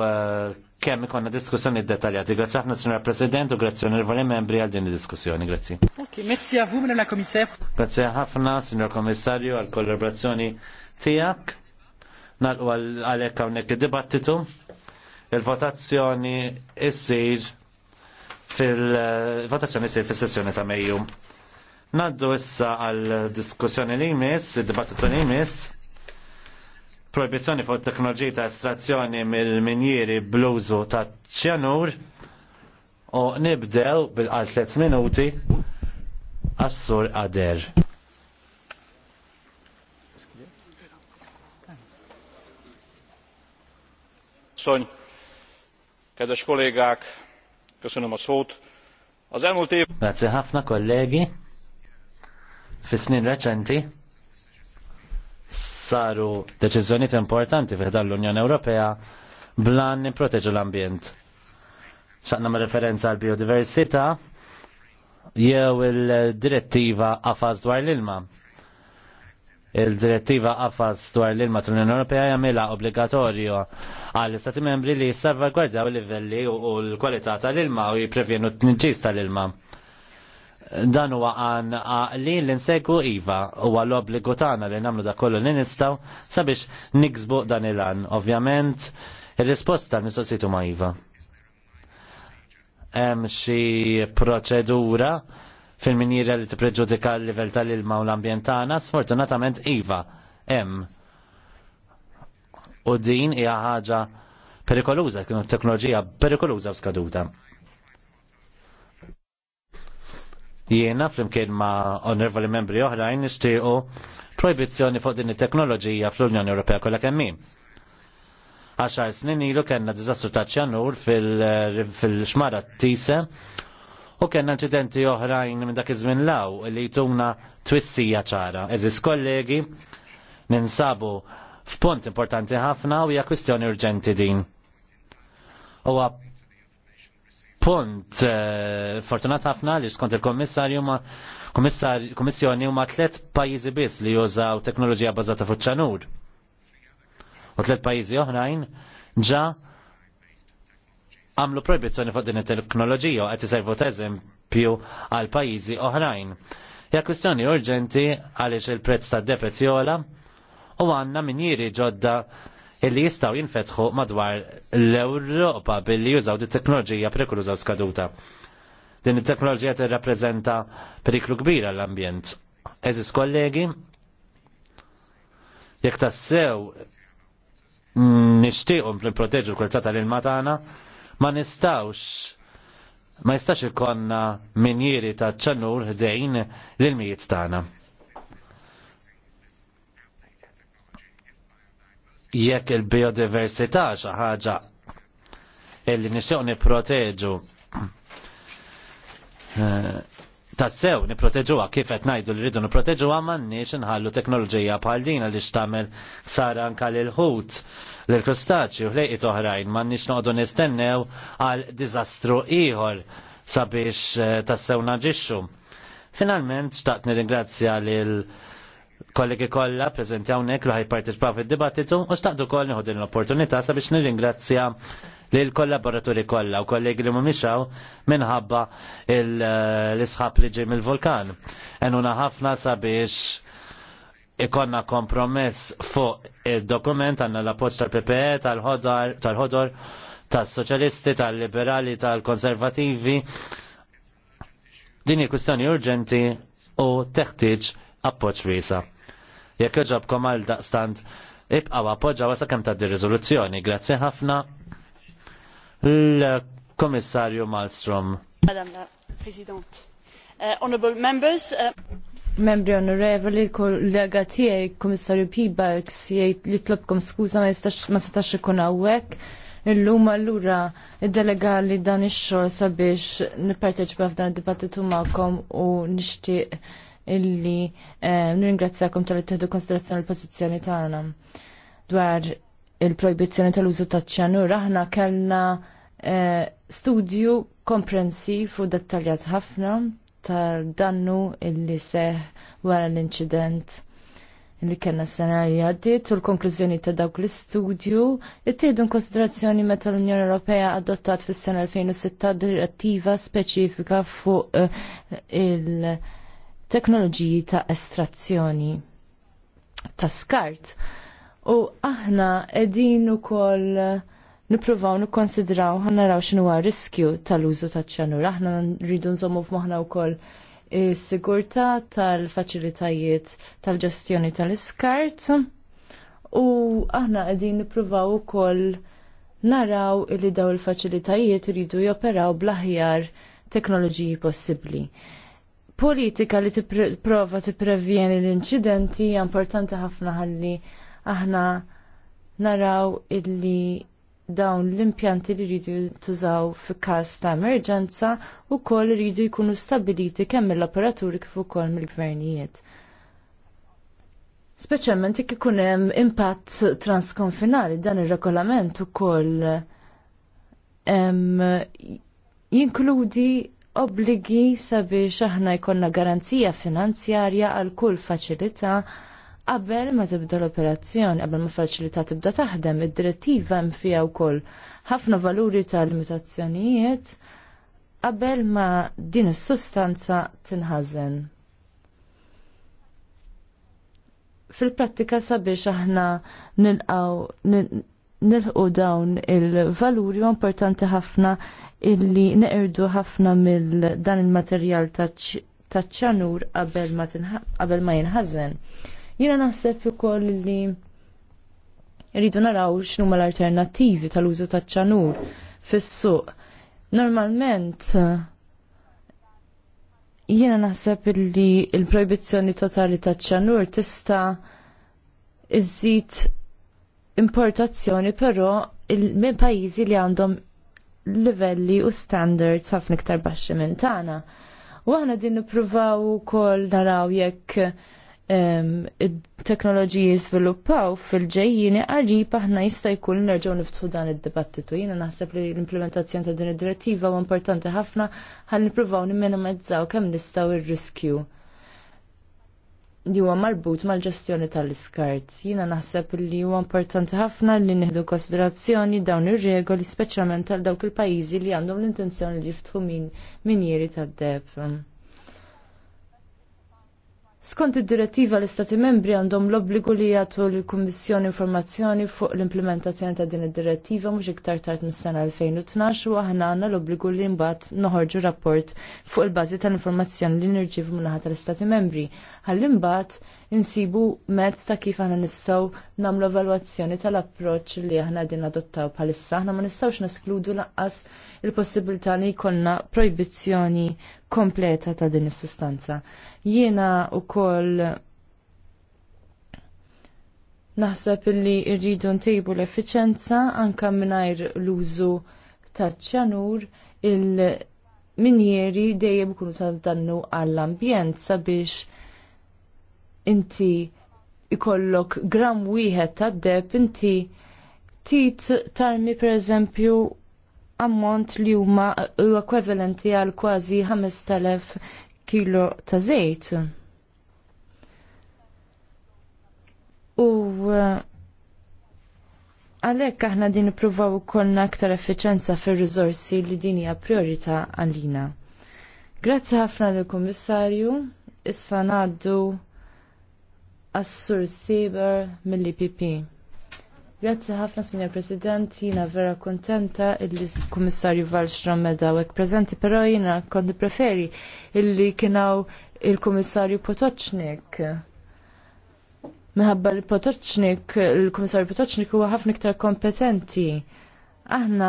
Eh, kemm ikonna diskussjoni dettaljati. Grazzi ħafna Sinjora President u grazzi onorevoli membri għal din id-diskussjoni. Grazzi. Ok, merci a vous, Madame la Commissaire. Grazzi ħafna Sinjor Kommissarju għal kollaborazzjoni tiegħek. Nalqu għalhekk hawnhekk id-dibattitu. Il-votazzjoni issir fil-votazzjoni eh, issir fis-sessjoni ta' Mejju. Naddu issa għal diskussjoni li jmiss, id-dibattitu li jmiss proibizzjoni fuq teknoloġija ta' estrazzjoni mill-minjiri bluzu ta' ċjanur u nibdew bil-qal 3 minuti għas għader. qader. Sonj, kedves kollégák, köszönöm a szót. Az elmúlt év... Grazie ħafna kollegi, Fisnin snin reċenti, saru deċiżjonijiet importanti dan l-Unjoni Ewropea blan nipproteġu l-ambjent. Xaqna ma' referenza għal biodiversità jew il-direttiva qafas dwar l-ilma. Il-direttiva qafas dwar l-ilma tal-Unjoni Ewropea jagħmilha obbligatorju għall istati membri li jissalvagwardjaw il-livelli u l-kwalità tal-ilma u jipprevjenu t-tniġġis tal-ilma dan huwa għan li l-insegu Iva u għal obbligu tagħna li nagħmlu da kollu li nistgħu sabiex niksbu dan il-għan. Ovvjament, ir-risposta mistoqsitu ma' Iva. Hemm xi proċedura fil-minjira li tippreġudika l-livell tal-ilma u l-ambjent tagħna, sfortunatament Iva hemm. U din hija ħaġa perikoluża, kienu teknoloġija perikoluża u skaduta. Jiena flimkien ma' onorevoli membri oħrajn nixtiequ proibizzjoni fuq din it-teknoloġija fl-Unjoni Ewropea kollha kemm hemm. Għaxar snin ilu kellna diżastru ta' ċanur fil-xmara t-tise u kellna inċidenti oħrajn minn dak iż-żmien law li jtuna twissija ċara. Eżis kollegi ninsabu f'punt importanti ħafna u hija kwistjoni urġenti din. Huwa punt eh, fortunat ħafna li skont il-kommissarju ma kommissjoni huma tliet pajjiżi biss li jużaw teknoloġija bażata fuq ċanur. U tliet pajjiżi oħrajn ġa għamlu projbizzjoni fuq din it-teknoloġija qed iservu eżempju għal pajjiżi oħrajn. Ja kwistjoni urġenti għaliex il-prezz tad-depet jola u għandna minjiri ġodda illi jistaw jinfetħu madwar l-Europa billi jużaw di teknoloġija periklu użaw skaduta. Din it-teknoloġija tirrappreżenta periklu kbir għall-ambjent. Eżis kollegi, jekk tassew nishtiqum l-proteġu l-kultà tal-ilma tagħna, ma nistawx ma jistax ikonna minjiri ta' ċanur ħdejn l-mijiet tagħna. jekk il-biodiversità xi ħaġa li nixtieq nipproteġu eh, tassew nipproteġuha kif qed ngħidu li rridu nipproteġuha m'għandniex inħallu teknoloġija bħal din li x'tagħmel sara anke lil ħut lill krustaċi u ħlejqit oħrajn m'għandniex noqogħdu nistennew għal diżastru ieħor sabiex eh, tassew naġixxu. Finalment xtaqt nirringrazzja lil kollegi kollha preżenti hawnhekk li ħajparteċipaw fil dibattitu u staqdu koll nieħu din l-opportunità sabiex nirringrazzja l kollaboraturi kollha u kollegi li mhumiex minħabba eh, l-isħab li ġej mill-vulkan. Enuna ħafna sabiex ikonna kompromess fuq id-dokument għandna l-appoġġ tal-PPE, tal-ħodor, tal-ħodor, tal-soċjalisti, tal-liberali, tal-konservativi. Din kustjoni kwistjoni urġenti u teħtieġ appoġġ wiesa. Jekk ġabkom għal daqstant ibqaw appoġġa wasa kemm dir riżoluzzjoni. Grazzi ħafna l-Komissarju Malmstrom. Madam la President. Uh, honorable members, uh... Membri onorevoli, kollega tiegħi, Komissarju Pibalks jgħid li tlobkom skuża ma jistax ma setax ikun hawnhekk. Illum allura id-delega li dan ix-xogħol sabiex nipparteċipa f'dan id-dibattitu magħkom u nixtieq illi eh, nirringrazzakom tal tieħdu konsiderazzjoni l-pożizzjoni tagħna dwar il-projbizzjoni tal-użu ta' ċanur aħna kellna eh, studju komprensiv u dettaljat ħafna tal-dannu illi seħ wara l-inċident li kena s-sena li għaddit u l-konklużjoni ta' dawk l-istudju n konsiderazzjoni meta l-Unjoni Ewropea adottat fis sena 2006 direttiva speċifika fuq eh, il- teknoloġiji ta' estrazzjoni ta' skart. U aħna edin u koll nipruvaw nikkonsidraw ħanna raw xinu għar riskju tal-użu ta' ċanur. Aħna rridu nżommu f'moħna u koll sigurta tal-facilitajiet tal-ġestjoni tal-iskart. U aħna edin nipruvaw u koll naraw li daw il-facilitajiet rridu joperaw blaħjar teknoloġiji possibli politika li tipprova tipprevjeni l-inċidenti hija importanti ħafna ħalli aħna naraw illi dawn l-impjanti li rridu jintużaw fi każ ta' emerġenza wkoll iridu jkunu stabiliti kemm mill-operaturi kif ukoll mill-gvernijiet. Speċjalment jekk ikun hemm impatt transkonfinali dan ir-regolament ukoll jinkludi obbligi sabiex aħna jkollna garanzija finanzjarja għal kull faċilità qabel ma tibda l-operazzjoni, qabel ma faċilità tibda taħdem, id-direttiva hemm fiha wkoll ħafna valuri ta' limitazzjonijiet qabel ma din is-sustanza tinħażen. Fil-prattika sabiex aħna nilqaw nilħu dawn il-valuri importanti ħafna illi neqirdu ħafna mill dan il-materjal ta' ċanur qabel ma jinħażen. Jiena naħseb ukoll li rridu naraw x'numa l-alternattivi tal-użu ta' ċanur fis-suq. Normalment jiena naħseb li l proibizzjoni totali ta' ċanur tista' iżid importazzjoni però minn pajjiżi li għandhom livelli u standards ħafna iktar baxxi minn tagħna. U aħna din nippruvaw ukoll naraw jekk teknoloġiji sviluppaw fil-ġejjini qarib aħna jista' jkun nerġgħu niftħu dan id-dibattitu. Jiena naħseb li l-implementazzjoni ta' din id-direttiva huwa importanti ħafna ħalli nippruvaw nimminimizzaw kemm nistgħu ir-riskju li huwa marbut mal-ġestjoni tal-iskart. Jiena naħseb li huwa importanti ħafna li nieħdu konsiderazzjoni dawn ir-regoli speċjalment għal dawk il-pajjiżi li għandhom l-intenzjoni li jiftħu min minjeri tad-deb. Skont id-direttiva l-Istati membri għandhom l-obbligu li jagħtu l-Kummissjoni informazzjoni fuq l-implementazzjoni ta' din id-direttiva mhux iktar tard mis-sena 2012 u aħna għandna l-obbligu li mbagħad noħorġu rapport fuq il-bażi tal-informazzjoni li nirċievu minn naħa tal-Istati membri. Ħalli mbagħad insibu mezz ta' kif aħna nistgħu nagħmlu evalwazzjoni tal-approċċ li aħna din adottaw bħalissa. Aħna ma nistgħux neskludu lanqas il-possibilità li jkollna projbizzjoni kompleta ta' din is-sustanza. Jiena wkoll naħseb illi rridu ntejbu l-effiċenza anke mingħajr l-użu ta' ċanur il-minjeri dejjem ikunu ta' dannu għall-ambjent sabiex inti ikollok gram wieħed ta' deb inti tit tarmi pereżempju ammont li huma ekwivalenti għal kważi 5000 kilo ta' żejt. U eh, għalhekk aħna din nippruvaw ukoll aktar effiċenza fir-riżorsi li din hija priorità għalina. Grazzi ħafna lill-Kummissarju, issa ngħaddu għas-Sur Saber mill-IPP. Grazzi ħafna, Signor President, jina vera kontenta illi Kummissarju Wallström meda għek prezenti, pero jina kondi preferi illi kienaw il-Kummissarju Potocznik. Meħabba l-Potocznik, il-Kummissarju Potocznik huwa ħafna iktar kompetenti. Aħna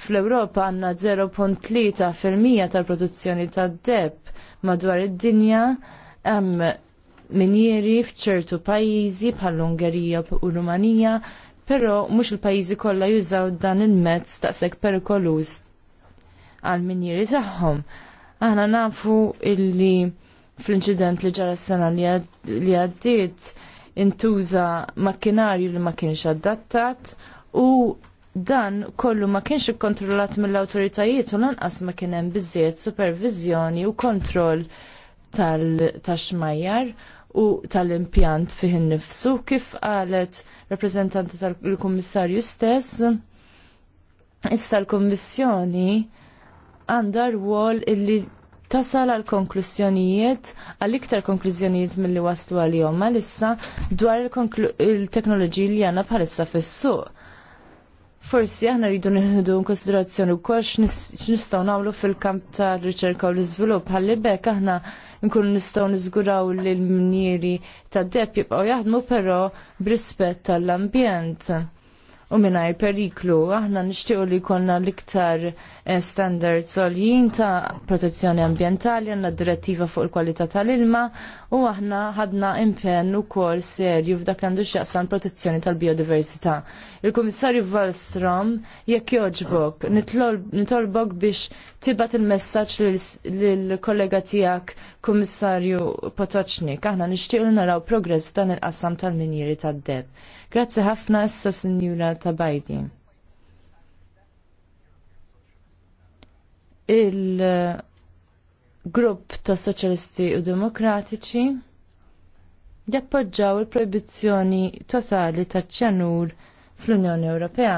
fl-Europa għanna 0.3% tal-produzzjoni tad-deb madwar id-dinja hemm minjeri fċertu pajjiżi bħall-Ungerija u Rumanija, però mhux il-pajjiżi kollha jużaw dan il-mezz taqsek perikoluż għal minjeri tagħhom. Aħna nafu illi fl-inċident li ġara s-sena li għaddiet intuża makkinarju li ma kienx adattat u dan kollu ma kienx ikkontrollat mill-awtoritajiet u lanqas ma kien hemm biżżejjed supervizjoni u kontroll tal-taxmajjar u tal-impjant fih innifsu kif qalet rappreżentanti tal-Kummissarju stess. Issa l-Kommissjoni għandha rwol illi tasal għal konklużjonijiet, għal iktar konklużjonijiet mill-li waslu għal-jom, għal issa dwar il-teknoloġiji li għanna bħalissa fis-suq forsi aħna rridu nieħdu konsiderazzjoni wkoll x'nistgħu nagħmlu fil-kamp tar riċerka u l-iżvilupp ħalli bekk aħna nkunu nistgħu niżguraw lil l tad-deb jibqgħu jaħdmu però b'rispett tal-ambjent u minnaj periklu. Aħna nishtiq li konna l-iktar eh, standards oljin ta' protezzjoni ambientali, għanna direttiva fuq il-kwalità tal-ilma u aħna ħadna impenn u kol serju f'dak għandu xaqsan protezzjoni tal-biodiversità. Il-Komissarju Wallstrom, jekk joġbok, nitolbok biex tibat il messagġ lill kollega tijak Komissarju Potoċnik, aħna li naraw progress f'dan il-qassam tal-minjiri tad-deb. Grazzi ħafna issa Sinjura Tabajdi. Il-grupp ta' Soċjalisti u Demokratiċi jappoġġaw il-proibizzjoni totali taċ ċanur fl-Unjoni Ewropea.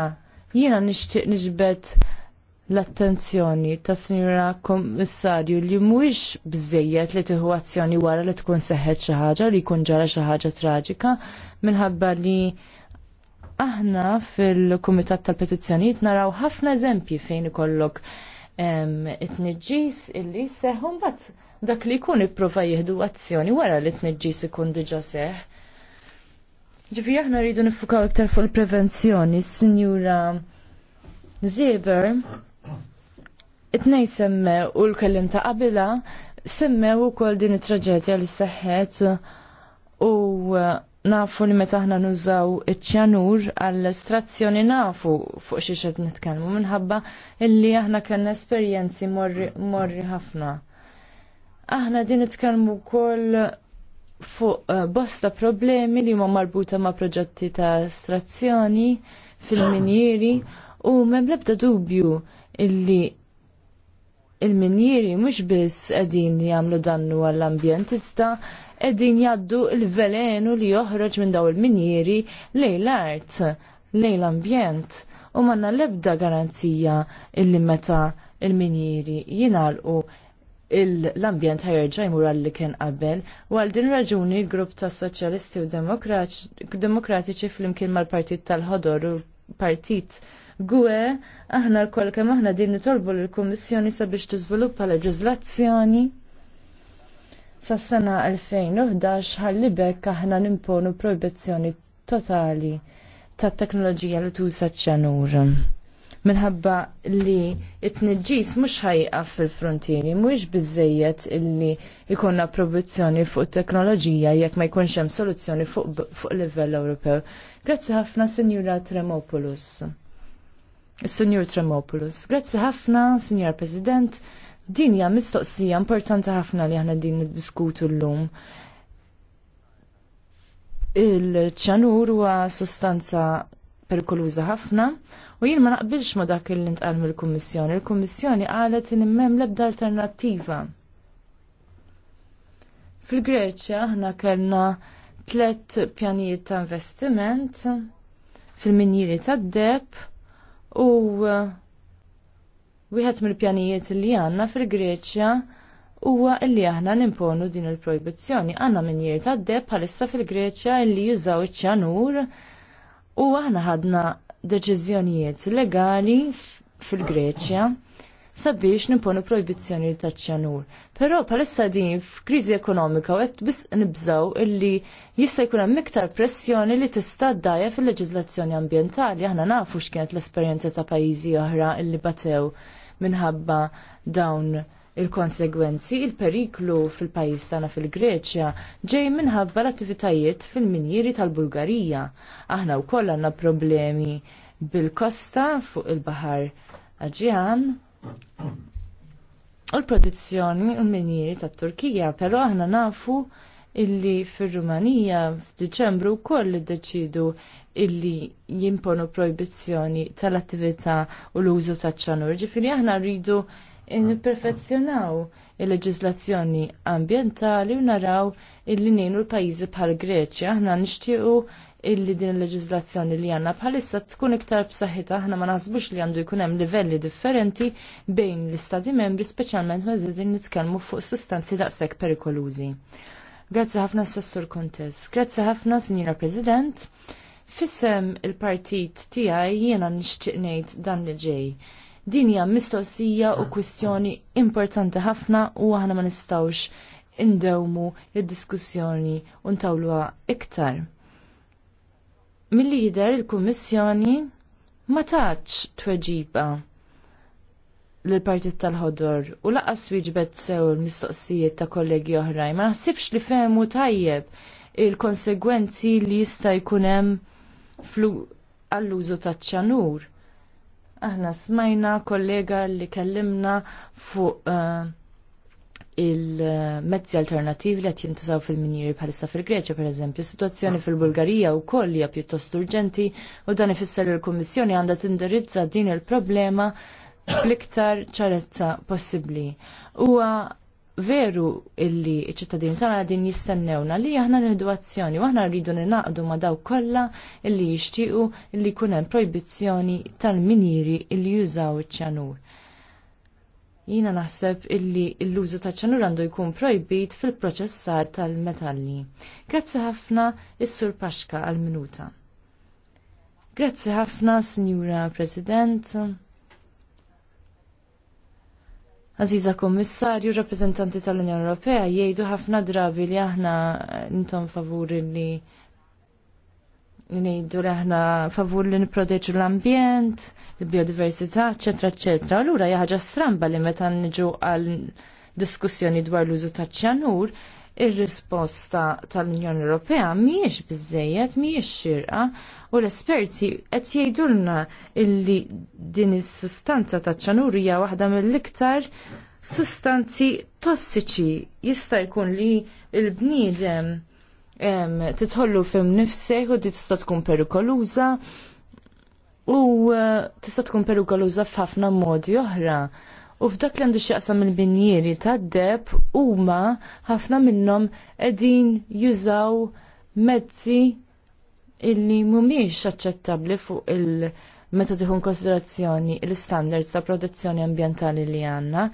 Jiena nixtieq niġbed l-attenzjoni ta' sinjura kommissarju li mhuwiex bżejjed li tieħu azzjoni wara li tkun seħħet xi ħaġa li jkun ġara xi ħaġa traġika, minħabba li aħna fil-Kumitat tal-Petizzjonijiet naraw ħafna eżempji fejn ikollok it-tniġġis illi seħħum bat dak li jkun ipprova jieħdu azzjoni wara li t-tniġġis ikun diġa seħ. Ġifi aħna rridu nifukaw iktar fuq il-prevenzjoni, Sinjura Zieber, it tnejn semme u l-kellim ta' qabila, semmew u kol din it-traġedja li seħħet u nafu li meta ħna nużaw iċ-ċanur għall-estrazzjoni nafu fuq xi xed nitkellmu minħabba illi aħna kellna esperjenzi morri ħafna. Aħna din nitkellmu wkoll fuq eh, bosta problemi li huma marbuta ma' proġetti ta' estrazzjoni fil-minjeri u mebda l-ebda dubju illi il-minjiri mhux biss qegħdin jagħmlu dannu għall-ambjent iżda edin jaddu il-velenu li joħroġ minn daw il-minjeri lej l-art, lej l-ambjent u manna lebda garanzija illi meta il-minjeri jinalqu l-ambjent ħajerġa jmur għalli kien qabel, u għal din raġuni l-grupp ta' Soċjalisti u Demokratiċi fl-imkien mal-Partit tal-Ħodor u Partit Gwe, aħna l-kol kemm aħna din nitolbu l-Kummissjoni sabiex tiżviluppa leġizlazzjoni sas-sena 2011 ħalli bekk aħna nimponu proibizzjoni totali tat teknoloġija li tuża ċanur. Minħabba li it-tniġġis mhux ħajqa fil-frontieri, mhuwiex biżejjed illi jkollna proibizzjoni fuq teknoloġija jekk ma jkunx hemm soluzzjoni fuq livell Ewropew. Grazzi ħafna Sinjura Tremopoulos. sinjur Tremopoulos. Grazzi ħafna, Signor President. Din hija mistoqsija importanti ħafna li aħna din niddiskutu llum. Il-ċanur huwa sostanza perikoluża ħafna u jien ma naqbilx ma dak li ntqal mill-Kummissjoni. Il-Kummissjoni qalet li m'hemm l-ebda alternattiva. Fil-Greċja aħna kellna tlet pjanijiet ta' investiment fil-minjiri tad-deb u Wieħed mill-pjanijiet li għandna fil-Greċja huwa li aħna nimponu din il-projbizzjoni. Għandna min jirta deb bħalissa fil-Greċja li jużaw iċ-ċanur u aħna ħadna deċiżjonijiet legali fil-Greċja sabiex nimponu projbizzjoni ta' ċanur. Però palissa din f'kriżi ekonomika u għed bis nibżaw illi jista' jkun hemm iktar pressjoni li tista' ddajja fil-leġiżlazzjoni ambientali. Aħna nafu x'kienet l-esperjenza ta' pajjiżi oħra illi batew minħabba dawn il-konsegwenzi, il-periklu fil-pajis tagħna fil-Greċja ġej minħabba l-attivitajiet fil-minjiri tal-Bulgarija. Aħna wkoll għandna problemi bil-kosta fuq il-Bahar Aġjan. U l-produzzjoni u l-minjiri tat Turkija, però aħna nafu illi fir-Rumanija f'Diċembru wkoll iddeċiedu illi jimponu proibizzjoni tal-attività u l-użu taċ-ċanur. Ġifiri aħna rridu nipperfezzjonaw il-leġiżlazzjoni ambjentali u naraw illi nienu l-pajjiżi bħal Greċja aħna nixtiequ illi din il-leġizlazzjoni li għanna bħalissa tkun iktar b'saħħitha aħna ma naħsbux li għandu jkun hemm livelli differenti bejn l-istati membri speċjalment meta din nitkellmu fuq sustanzi daqshekk perikolużi. Grazzi ħafna Sessur Kontes. Grazzi ħafna Sinjura President. Fissem il-partit tiegħi jiena nixtieq ngħid dan li ġej. Din hija mistoqsija u kwistjoni importanti ħafna u aħna ma nistgħux indewmu id-diskussjoni u ntawluha iktar. Mill-lider il-Kummissjoni ma tatx tweġiba l-partit tal-ħodor u laqas wieġbet sew il mistoqsijiet ta' kollegi oħrajn. Ma naħsibx li fehmu tajjeb il-konsegwenzi li jista' jkun hemm għall-użu taċ-ċanur. Aħna smajna kollega li kellimna fuq uh, il-mezzi alternativi li qed jintużaw fil-minjiri bħalissa fil-Greċja, pereżempju, sitwazzjoni fil-Bulgarija wkoll hija pjuttost urġenti u dan ifisser li l kummissjoni għandha tindirizza din il-problema bl-iktar ċarezza possibbli. Huwa veru illi ċittadini tagħna din jistennewna li aħna nieħdu azzjoni u aħna rridu ninaqdu ma daw kollha illi jixtiequ illi jkun hemm projbizzjoni tal-minieri illi jużaw iċ-ċanur. Jiena naħseb illi l-użu ta' ċanur għandu jkun projbit fil-proċessar tal-metalli. Grazzi ħafna is-Sur Paxka għal-minuta. Grazzi ħafna, Sinjura President. Aziza Kommissarju, rappresentanti tal-Unjoni Ewropea jgħidu ħafna drabi li aħna intom favuri li ngħidu li aħna favur li nipproteġu l-ambjent, il-biodiversità, eċetera, eccetera. Allura jaħġa stramba li meta nġu għal diskussjoni dwar l-użu taċ-ċanur, ir-risposta tal-Unjoni Ewropea mhijiex biżejjed, mhijiex xirqa u l-esperti qed jgħidulna illi din is-sustanza taċ-ċanur hija waħda mill-iktar sustanzi tossiċi jista' jkun li l-bniedem titħollu fim nifsej u tista' tkun perikoluża u eh, tista' tkun perikoluża f'ħafna modi oħra. U f'dak li għandu xieqsa il-binjieri ta' deb huma ħafna minnhom qegħdin jużaw mezzi illi mhumiex aċċettabbli fuq il- meta tiħun konsiderazzjoni l-standards ta' protezzjoni ambjentali li għandna.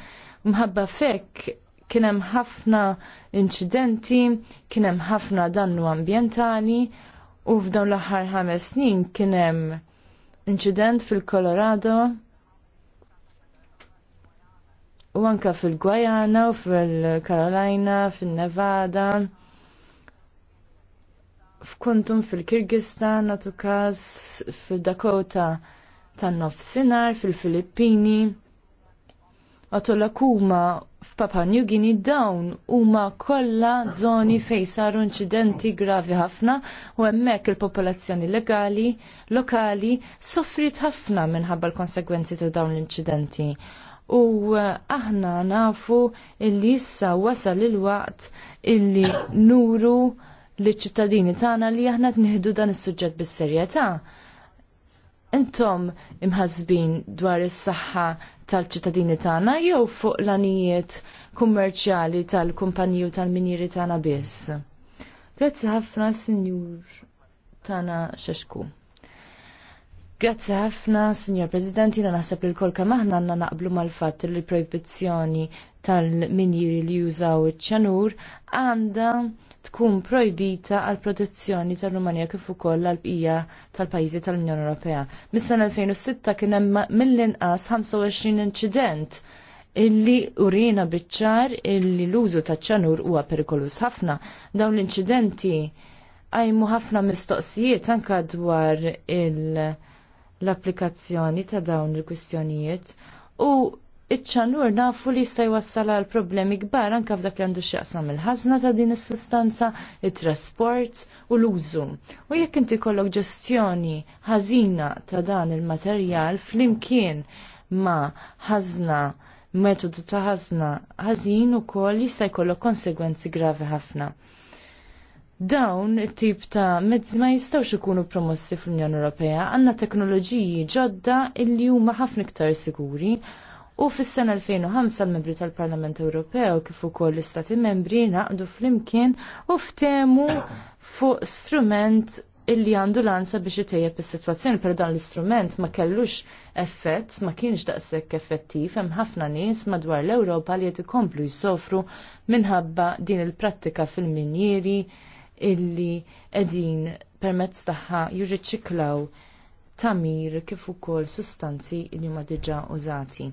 Mħabba fekk kien hemm ħafna inċidenti, kien hemm ħafna dannu ambjentali u f'dawn l-aħħar ħames snin kien hemm inċident fil-Colorado u anka fil-Gwajana u fil karolajna fil-Nevada, f'kuntum fil-Kirgistan, natu fil-Dakota tan-nofsinhar, fil-Filippini, għatolla kuma f'Papa New Guinea dawn huma kollha żoni fejn saru inċidenti gravi ħafna u hemmhekk il-popolazzjoni legali lokali soffrit ħafna minħabba l-konsegwenzi ta' dawn l-inċidenti u eh, aħna nafu illi issa wasal il-waqt illi nuru li ċittadini tagħna li aħna tnieħdu dan is-suġġett bis-serjetà. Intom imħazbin dwar is-saħħa tal-ċittadini tagħna jew fuq l-anijiet kummerċjali tal kumpanju tal miniri tagħna biss. Grazzi ħafna, Sinjur Tana Xexku. Grazzi ħafna, Signor President, jina naħseb li l-kolka maħna għanna naqblu mal-fat li proibizzjoni tal-minjiri li jużaw iċ-ċanur għanda tkun projbita għal protezzjoni tal-Rumanija kif ukoll għal bqija tal-pajjiżi tal-Unjoni Ewropea. Mis-sena 2006 kien hemm mill-inqas 25 inċident illi urina biċ-ċar illi l-użu taċ-ċanur huwa perikolus ħafna. Dawn l-inċidenti għajmu ħafna mistoqsijiet anka dwar il- l-applikazzjoni ta' dawn il-kwistjonijiet u iċ nafu li jista' jwassal għal problemi kbar anke f'dak li għandu x'jaqsam il-ħażna ta' din is-sustanza, it-trasport u l-użu. U jekk inti kollok ġestjoni ħażina ta' dan il-materjal flimkien ma' ħażna metodu ta' ħażna ħażin ukoll jista' jkollok konsegwenzi gravi ħafna dawn it-tip ta' mezz ma jistawx ikunu promossi fl-Unjoni Ewropea għandna teknoloġiji ġodda illi huma ħafna iktar siguri u fis-sena 2005 l-membri tal-Parlament Ewropew kif ukoll l-Istati membri naqdu flimkien u ftemu fuq strument illi għandu l-ansa biex itejjeb is-sitwazzjoni, per dan l-istrument ma kellux effett, ma kienx daqshekk effettiv, hemm ħafna nies madwar l-Ewropa li qed ikomplu jsofru minħabba din il-prattika fil-minjieri illi qegħdin permezz tagħha jirriċiklaw tamir kif ukoll sustanzi li huma diġà użati.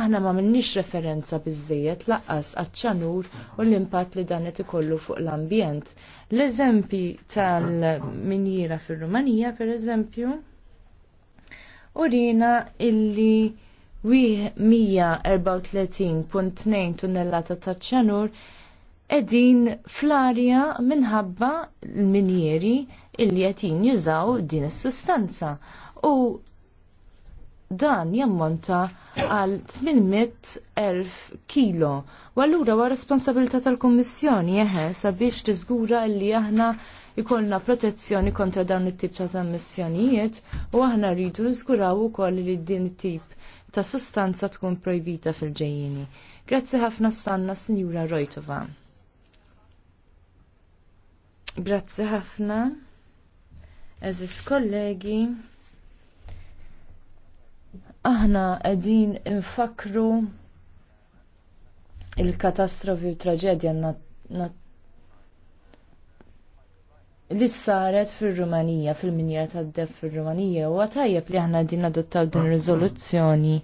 Aħna ma minnix referenza biżżejjed laqqas għaċ-ċanur u l-impatt li dan qed ikollu fuq l-ambjent. L-eżempji tal-minjira fir-Rumanija pereżempju urina illi 134.2 tunnellata ta' ċanur edin fl-arja minħabba l-minjeri illi jatin jużaw din is-sustanza. U dan jammonta għal 800.000 kilo. U allura wa responsabilità tal-Kommissjoni jeħe sabiex tiżgura li aħna ikollna protezzjoni kontra dawn it-tip ta' tammissjonijiet u aħna rridu nżguraw ukoll li din it-tip ta' sustanza tkun projbita fil-ġejjini. Grazzi ħafna s-sanna, Signora Rojtova. Grazzi ħafna. Eżis kollegi, aħna qegħdin infakru il-katastrofi u traġedja li saret fil-Rumanija, fil-minjera tad-deb fil-Rumanija, u għatajja li aħna din adottaw din riżoluzzjoni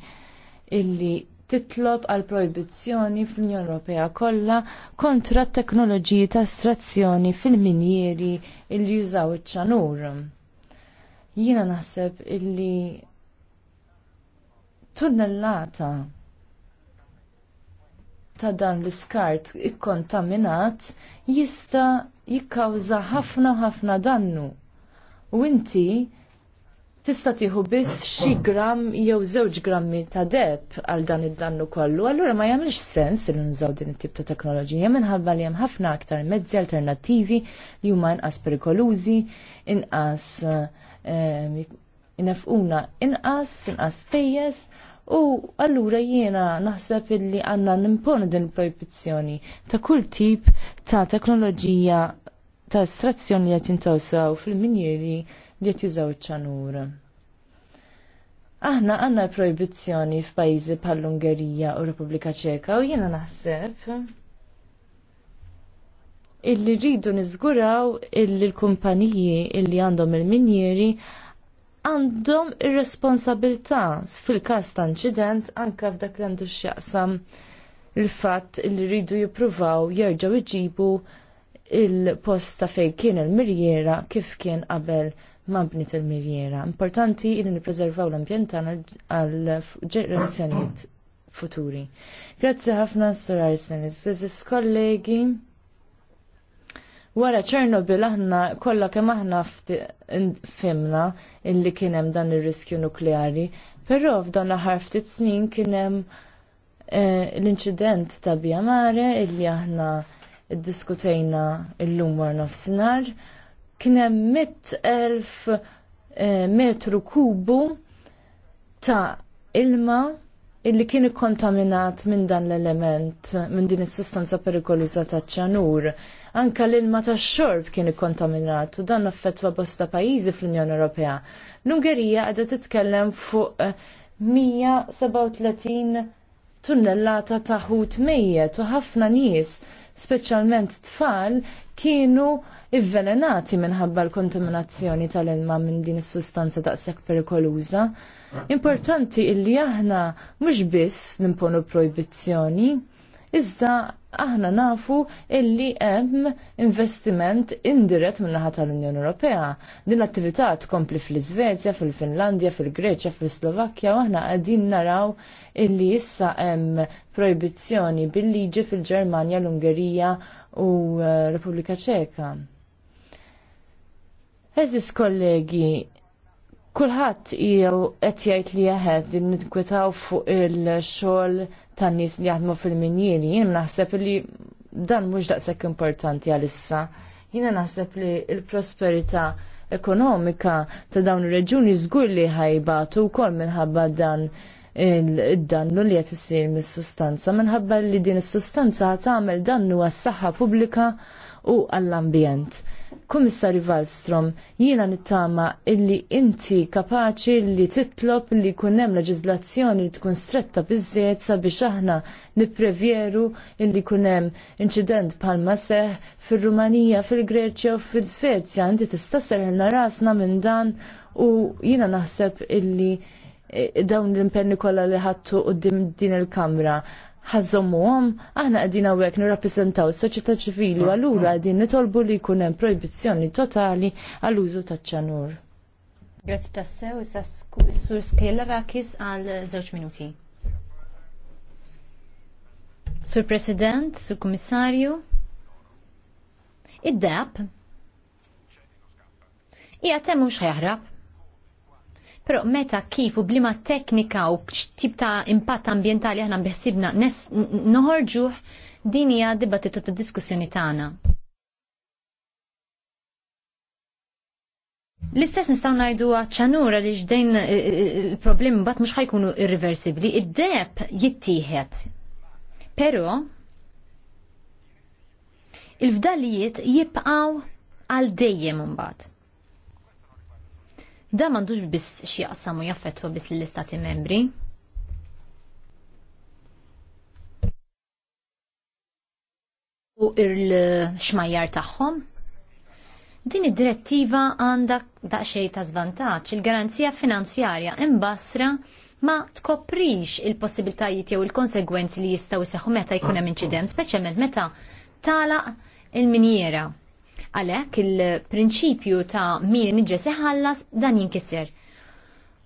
illi titlob għal proibizzjoni fl-Unjoni Ewropea kollha kontra t teknoloġiji ta' estrazzjoni fil-minjeri li jużaw iċ-ċanur. Jiena naħseb illi tunnellata ta' dan l-iskart ikkontaminat jista' jikkawża ħafna ħafna dannu. U inti tista' tieħu biss xi gram jew żewġ grammi ta' deb għal dan id-dannu kollu, allura ma jagħmilx sens li nużaw din it-tip ta' teknoloġija minħabba li hemm ħafna aktar mezzi alternattivi li huma inqas perikolużi, inqas ehm, inefquna inqas, inqas pejjeż u allura jiena naħseb illi għandna nimponu din il projbizzjoni ta' kull tip ta' teknoloġija ta' estrazzjoni li qed fil-minjeri li jużaw ċanur. Aħna għanna proibizzjoni f'pajjiżi bħall-Ungerija u Repubblika Ċeka u jiena naħseb illi rridu niżguraw illi l-kumpaniji illi għandhom il-minjeri għandhom ir-responsabilità fil-każ ta' inċident anke f'dak li għandu x'jaqsam il-fatt illi rridu jippruvaw jerġgħu iġibu il-posta fejn kien il-mirjera kif kien qabel bnit il mirjera Importanti li nippreservaw l-ambjent għal ġenerazzjonijiet futuri. Grazzi ħafna Sur Arsenis, eżis kollegi. Wara ċernobil aħna kollha kemm aħna fimna illi kien hemm dan ir-riskju nukleari, però f'dan l-aħħar ftit snin kien hemm eh, l-inċident ta' Bjamare illi aħna iddiskutejna l-lum war nofsinhar kien hemm mit elf eh, metru kubu ta' ilma illi kien ikkontaminat minn dan l-element, minn din is-sustanza perikoluża taċ-ċanur. Anka l-ilma tax-xorb kien ikkontaminat u dan affettwa bosta pajjiżi fl-Unjoni Ewropea. L-Ungerija qiegħda titkellem fuq 137 eh, tunnellata ta' ħut mejjet u ħafna nies, speċjalment tfal, kienu ivvelenati minħabba l-kontaminazzjoni tal-ilma minn din is-sustanza daqshekk perikoluża. Importanti illi aħna mhux biss nimponu proibizzjoni, iżda aħna nafu illi hemm investiment indirett min-naħa tal-Unjoni Ewropea. Din l-attività tkompli fl-Iżvezja, fil-Finlandja, fil-Greċja, fil-Slovakkja u aħna qegħdin naraw illi issa hemm proibizzjoni bil-liġi fil-Ġermanja, l-Ungerija u eh, Repubblika Ċeka. Eżis kollegi, kulħadd jew qed jgħid li jaħed nitkwitaw fuq il-xogħol tan-nies li jaħdmu fil-minjieri, jien naħseb li dan mhux daqshekk importanti għalissa. Jiena naħseb li l-prosperità ekonomika ta' dawn ir-reġuni żgur li ħajbatu wkoll minħabba dan id dannu li qed issir mis-sustanza minħabba li din is-sustanza tagħmel dannu għas-saħħa pubblika u għall-ambjent. Kummissarju Wallstrom, jiena nittama illi inti kapaċi li titlob li jkun hemm li tkun stretta biżżejjed sabiex aħna nipprevjeru illi jkun hemm inċident seħ fir-Rumanija, fil-Greċja u fil-Svezja. Inti tista' serħilna rasna minn dan u jiena naħseb illi eh, dawn l-impenni kollha li ħattu qudiem din il-kamra għom, aħna qegħdin għek nirrappresentaw is-soċjetà ċivili u allura qegħdin nitolbu li jkun hemm totali għall użu taċ-ċanur. Grazzi tassew, issa s-sur skella rakis għal żewġ minuti. Sur President, Sur Komissarju, id-DAP, ija temmu xħajħrab. Pero meta kif u blima teknika u x'tip ta' impatt ambientali aħna biħsibna noħorġuh din hija dibattitu ta' diskussjoni tagħna. L-istess nistgħu ngħidu ċanura li ġdejn eh, eh, eh, il-problemi mbagħad mhux ħajkunu irreversibli, id-deb jittieħed. Però il-fdalijiet jibqgħu għal dejjem mbagħad Da m'għandux biss xie jaqsam u jaffettwa biss lill-istati membri. U il-xmajjar tagħhom. Din id-direttiva għandha daqsxejn ta' żvantaġġ il-garanzija finanzjarja imbasra ma tkoprix il-possibiltajiet jew il-konsegwenzi li jistgħu jseħħu meta jkun hemm inċident, speċjalment meta tala il-minjera. Għalhekk il-prinċipju ta' min nġe seħallas dan jinkisser.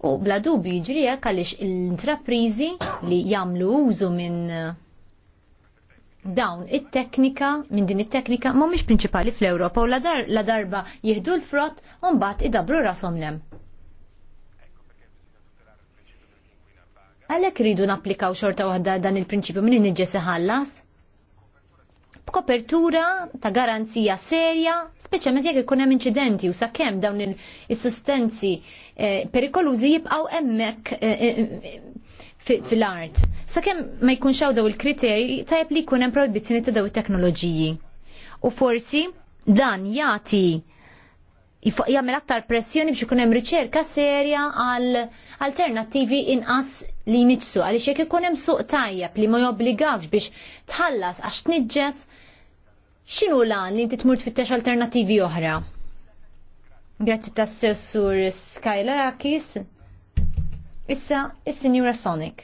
U bla dubju ġrija għalix għaliex l-intraprizi li jagħmlu użu minn eh, dawn it-teknika, minn din it-teknika mhumiex prinċipali fl-Ewropa u la, dar, la darba jieħdu l-frott u mbagħad idabru rasom lem. Għalhekk ridu napplikaw xorta waħda dan il-prinċipju minn nġe seħallas? b'kopertura ta' garanzija serja, speċjalment jekk ikun hemm inċidenti u sakemm dawn is-sustenzi eh, perikolużi jibqgħu hemmhekk eh, eh, fil-art. Sakemm ma jkunx hawn daw il-kriterji tajjeb li jkun hemm prohibizzjoni ta' daw it-teknoloġiji. U forsi dan jagħti jagħmel aktar pressjoni biex ikun hemm riċerka serja għal alternattivi inqas li niċsu, għaliex jekk ikun hemm suq tajjeb li ma jobbligawx biex tħallas għax tniġġes x'inhu lan li titmurt tmur tfittex alternattivi oħra. Grazzi tas-sew sur Skylarakis. Issa is-Sinjura Sonic.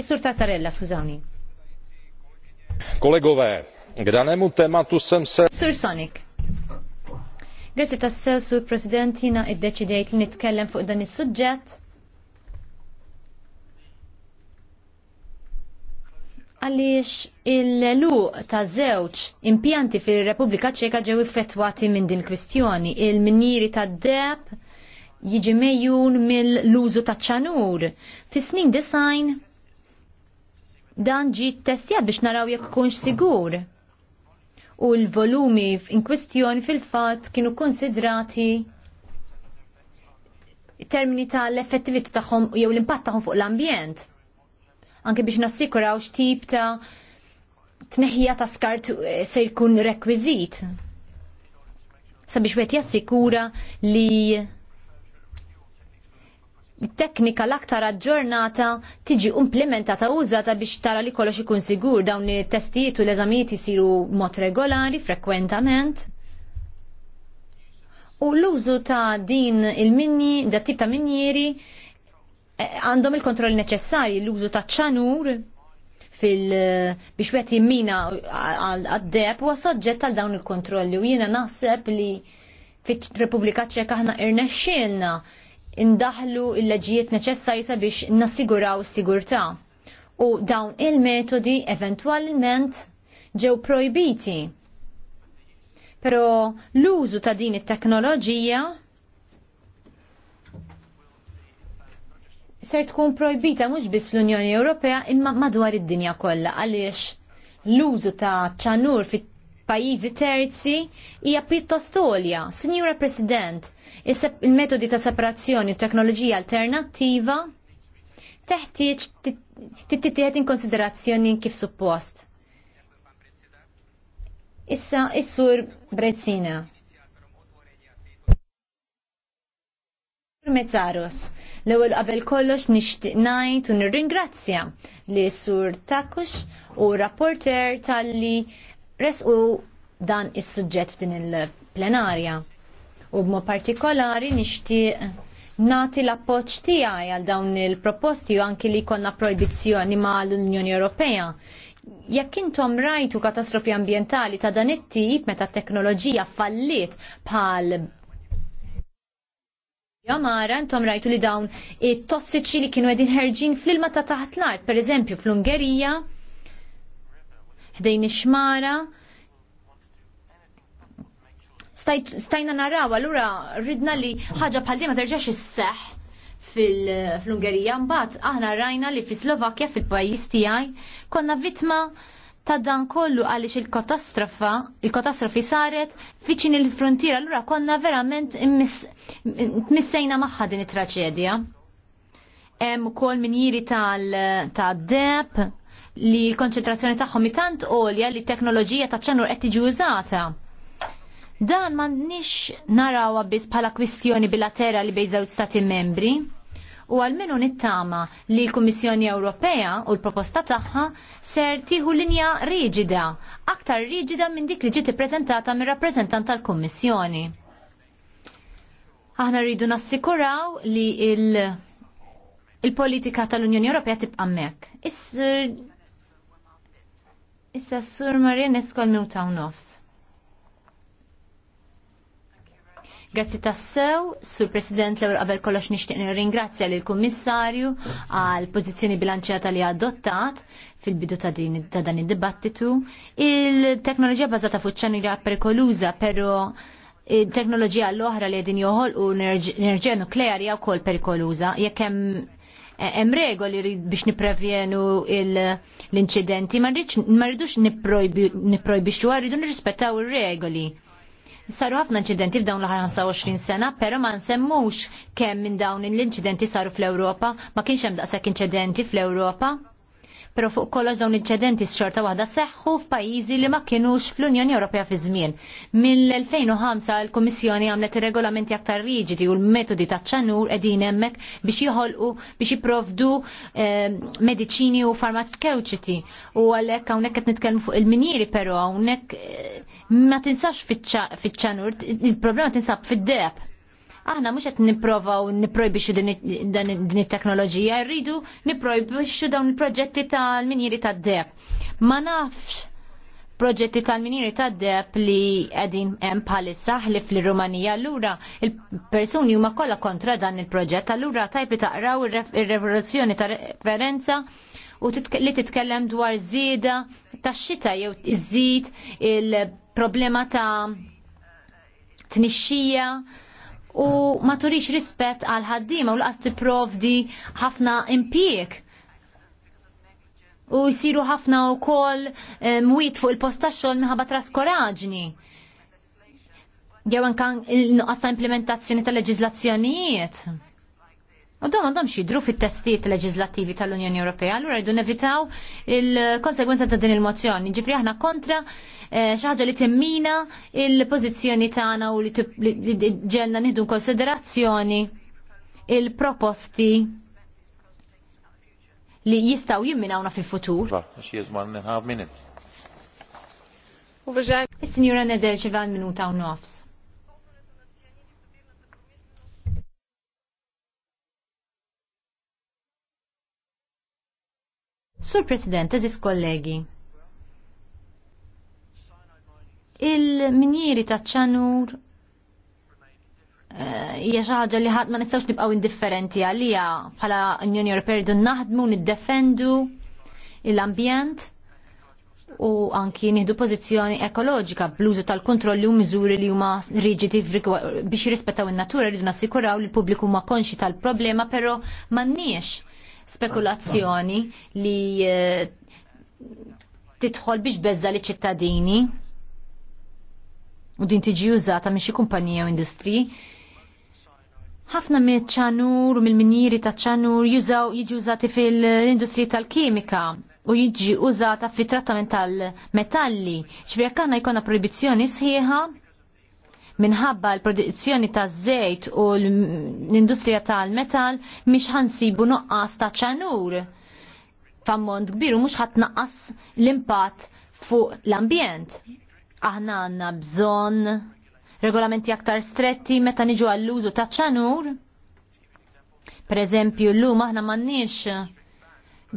Is-Sur Tattarella, skużawni. Kolegove, k danému tématu se... Sur Sonic Grazie tassew sur President jina id-deċidejt li nitkellem fuq dan is-suġġett. Għaliex il-luq ta' żewġ impjanti fil-Repubblika Ċeka ġew effettwati minn din kwistjoni. Il-minjiri ta' deb jiġi mejjun mill-użu ta' ċanur. Fis-snin design dan ġi testjat biex naraw jekk kunx sigur u l-volumi in kwestjoni fil-fat kienu konsidrati termini tal-effettività tagħhom jew l-impatt tagħhom fuq l-ambjent. Anke biex nassikuraw x'tip ta' tneħħija ta' skart eh, se jkun rekwiżit. Sabiex wieħed jassikura li teknika l-aktar aġġornata tiġi implementata użata biex tara li kollox ikun sigur dawn it-testijiet u l-eżamijiet isiru mod regolari, frekwentament. U l-użu ta' din il-minni, da' tip ta' minjeri, eh, għandhom il-kontroll neċessarji, l-użu ta' ċanur fil biex wet jimmina għad-deb u soġġett għal dawn il-kontrolli u jiena naħseb li fit-Repubblika Ċeka aħna irnexxielna indaħlu il-leġijiet neċessarji sabiex nassiguraw s-sigurtà. U dawn il-metodi eventwalment ġew projbiti. Pero l-użu ta' din it-teknoloġija ser tkun projbita mhux biss fl-Unjoni Ewropea imma madwar id-dinja kollha għaliex l-użu ta' ċanur fit pajjiżi terzi hija pjuttost għolja. Signora President, il-metodi ta' separazzjoni u teknoloġija alternattiva teħtieġ tittieħed in konsiderazzjoni kif suppost. Issa is-sur Brezzina. Mezzaros, l-ewwel qabel kollox nixtieq ngħid u nirringrazzja li sur Takux u rapporter tal-li resqu dan is-suġġett f'din il-plenarja. U b'mod partikolari nixtieq nati l-appoġġ tiegħi għal dawn il-proposti u anki li jkollna proibizzjoni ma' l-Unjoni Ewropea. Jekk intom rajtu katastrofi ambjentali ta' dan it-tip meta t teknoloġija fallit bħal mara, intom rajtu li dawn it-tossiċi li kienu edin ħerġin fl-ilma ta' taħt l-art, per eżempju fl-Ungerija, ħdejn ix-xmara. Stajna naraw, allura ridna li ħaġa bħal ma terġax is-seħ fil-Ungerija, mbagħad aħna rajna li fi Slovakkja fil-pajjiż tiegħi konna vittma ta' dan kollu għaliex il-katastrofa, il-katastrofi saret fiċin il-frontiera, allura konna verament missejna magħha din it-traċedja. Hemm ukoll minjiri tal-deb, ta li l-konċentrazzjoni tagħhom tant għolja li t-teknoloġija ta' ċanur qed tiġi użata. Dan m'għandniex narawha biss bħala kwistjoni bilaterali bejn żewġ stati membri, u għalmenu nittama li l-Kummissjoni Ewropea u l-proposta tagħha ser tieħu linja riġida, aktar riġida minn dik li ġiet ippreżentata mir rappreżentant tal-Kummissjoni. Aħna rridu nassikuraw li il- il-politika tal-Unjoni Ewropea tibqa' hemmhekk. Issa s-sur Marin iskol nutaw nofs. Grazzi tassew, sur President l-ewel qabel kollox nixtieq nirringrazzja lil kummissarju għal pożizzjoni bilanċjata li adottat fil-bidu ta' din ta' dan id-dibattitu. Il-teknoloġija bazata fuq ċanira perikoluża, però il-teknoloġija l-oħra li qegħdin joħolqu l-enerġija nukleari hija wkoll perikoluża jekk hemm Eh, hemm regoli biex niprevjenu l-inċidenti, ma rridux nipprojbixxu, rridu nirrispettaw ir-regoli. Saru ħafna inċidenti f'dawn l aħħar 25 sena, pero ma nsemmux kemm minn dawn l-inċidenti saru fl-Ewropa, ma kienx hemm daqshekk inċidenti fl-Ewropa. Pero fuq kollox dawn inċidenti xorta waħda seħħu f'pajjiżi li ma kienux fl-Unjoni Ewropea fi żmien. Mill-2005 l-Kummissjoni għamlet regolamenti aktar riġidi u l-metodi ta' ċanur qegħdin hemmhekk biex jħolqu biex jipprovdu eh, mediċini u farmaceutiċi. U għalhekk hawnhekk qed nitkellmu fuq il-minieri però hawnhekk eh, ma tinsax fiċ-ċanur, il-problema tinsab fid-deb aħna mhux qed nipprovaw nipprojbixxu din it-teknoloġija, rridu nipprojbixxu dawn il-proġetti tal-minjiri tad-deb. Ma nafx proġetti tal-minjiri tad-deb li qegħdin hemm bħalissa ħlif li Rumanija allura il-persuni huma kollha kontra dan il-proġett allura tajb li taqraw ir-revoluzzjoni ta' referenza u li titkellem dwar żieda tax-xita jew iż-żid il-problema ta' tnixxija u ma turix rispett għal ħaddiema u l-qas tipprovdi ħafna impijek. u jisiru ħafna u kol eh, mwiet fuq il posta tax-xogħol minħabba traskoraġni. Jew anke nuqqas ta' implementazzjoni tal-leġiżlazzjonijiet. U dom għandhom xidru fit-testijiet leġislattivi tal-Unjoni Ewropea, allura jdu nevitaw il-konsegwenza ta' din il-mozzjoni. Ġifri aħna kontra eh, xi ħaġa li timmina il-pożizzjoni tagħna u li ġenna nieħdu konsiderazzjoni il-proposti li jistaw jimminawna fil-futur. Is-Sinjura Nedelċeva minuta u nofs. Sur President, eżis kollegi, il-minjiri ta' ċanur eh, hija xi ħaġa li ħadd ma nistgħux nibqgħu indifferenti għalija bħala Unjoni Ewropea rridu naħdmu niddefendu l-ambjent u anki nieħdu pożizzjoni ekoloġika bl-użu tal-kontrolli u miżuri li huma riġidi biex jirrispettaw in-natura rridu nassikuraw li l-pubbliku ma konxi tal-problema però m'għandniex spekulazzjoni li eh, titħol biex bezza li ċittadini u din tiġi użata minn xi kumpanija u industri. Ħafna me ċanur u mill-minjiri ta' ċanur jużaw jiġi użati fil-industri tal-kimika u jiġi użata fit trattament tal-metalli. ċbri għanna jkonna proibizjoni sħiħa minħabba l-produzzjoni ta' żejt u l-industrija tal-metal mhix ħansibu nuqqas ta' ċanur f'ammont kbir u mhux ħatnaqqas l-impatt fuq l-ambjent. Aħna għandna bżonn regolamenti aktar stretti meta niġu għall-użu ta' ċanur. Per eżempju, l-lum aħna m'għandniex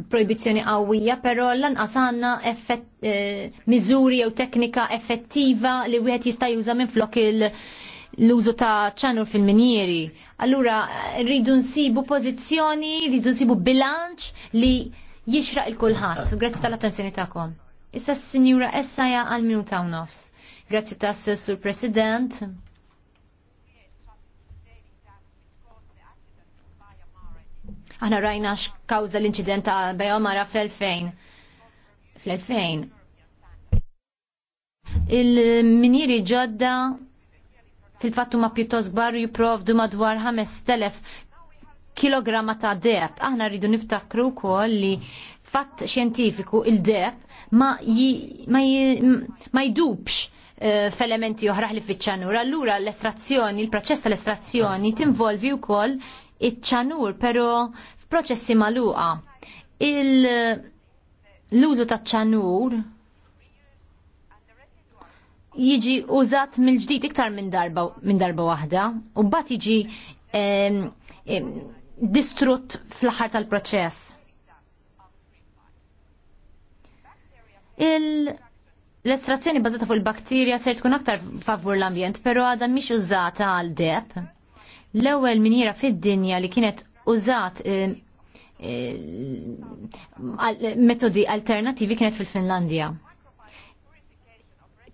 proibizjoni qawwija, però lanqas għandna effett eh, miżuri jew teknika effettiva li wieħed jista' juża minn flok l-użu ta' ċanur fil-minjeri. Allura rridu nsibu pożizzjoni, rridu nsibu bilanċ li jixraq il-kulħadd. Grazzi tal-attenzjoni tagħkom. Issa s-Sinjura Essaja għal-minuta u nofs. Grazzi tas-Sur President. Aħna rajna x'kawża l-inċident ta' Bajomara fl-2000. Fl-2000. Il-minieri ġodda fil-fattu ma pjuttost gbar jiprovdu madwar 5000 kg ta' deb. Aħna rridu niftakru wkoll li fatt xjentifiku il-deb ma, ma, ma jdubx eh, f'elementi oħra li fiċċanur. Allura l-estrazzjoni, il-proċess tal-estrazzjoni tinvolvi wkoll iċ-ċanur, pero f'proċessi maluqa. l-użu ta' ċanur jiġi użat mill-ġdid iktar minn darba, min darba waħda u bat jiġi distrutt fl-ħar tal-proċess. L-estrazzjoni bazzata fuq il-bakterja ser tkun aktar favur l-ambjent, pero għadha mhix użata għal deb l-ewwel minjera fid-dinja li kienet użat eh, eh, metodi alternativi kienet fil-Finlandja.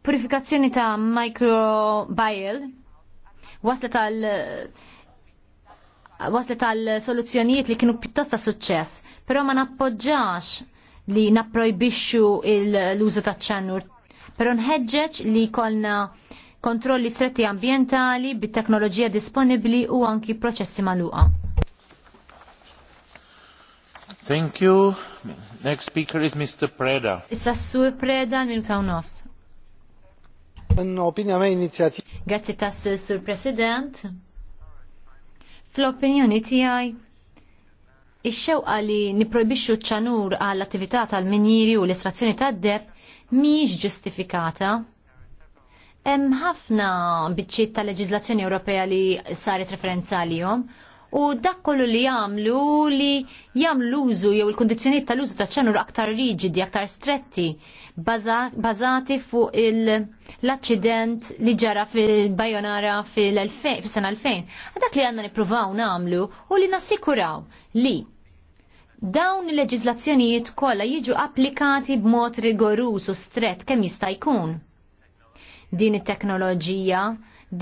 Purifikazzjoni ta' microbial waslet għal waslet soluzzjonijiet li kienu pjuttost ta' suċċess, però ma nappoġġax li napprojbixxu l-użu ta' ċannur, però nħeġġeġ li kolna kontrolli stretti ambientali bit-teknoloġija disponibbli u anki proċessi magħluqa. Thank you. Next speaker is Mr. Preda. Issa s-sur Preda minuta u nofs. N-opinja ma' inizjativa. Grazzi tas sur President. Fl-opinjoni tiegħi ix-xewqa li niprojbixxu ċ-ċanur għall attività tal-minjiri u l-estrazzjoni tad-deb miġ ġustifikata Hemm ħafna biċċiet ta' leġiżlazzjoni Ewropea li saret referenza għalihom u dak kollu li jagħmlu li jagħmlu użu jew il-kundizzjonijiet tal-użu ta' ċanur aktar riġidi, aktar stretti, bażati fuq l-aċċident li ġara fil-bajonara fil-sena 2000. Dak li għandna nippruvaw nagħmlu u li nassikuraw li dawn il-leġiżlazzjonijiet kollha jiġu applikati b'mod rigorus u strett kemm jista' jkun Din it-teknoloġija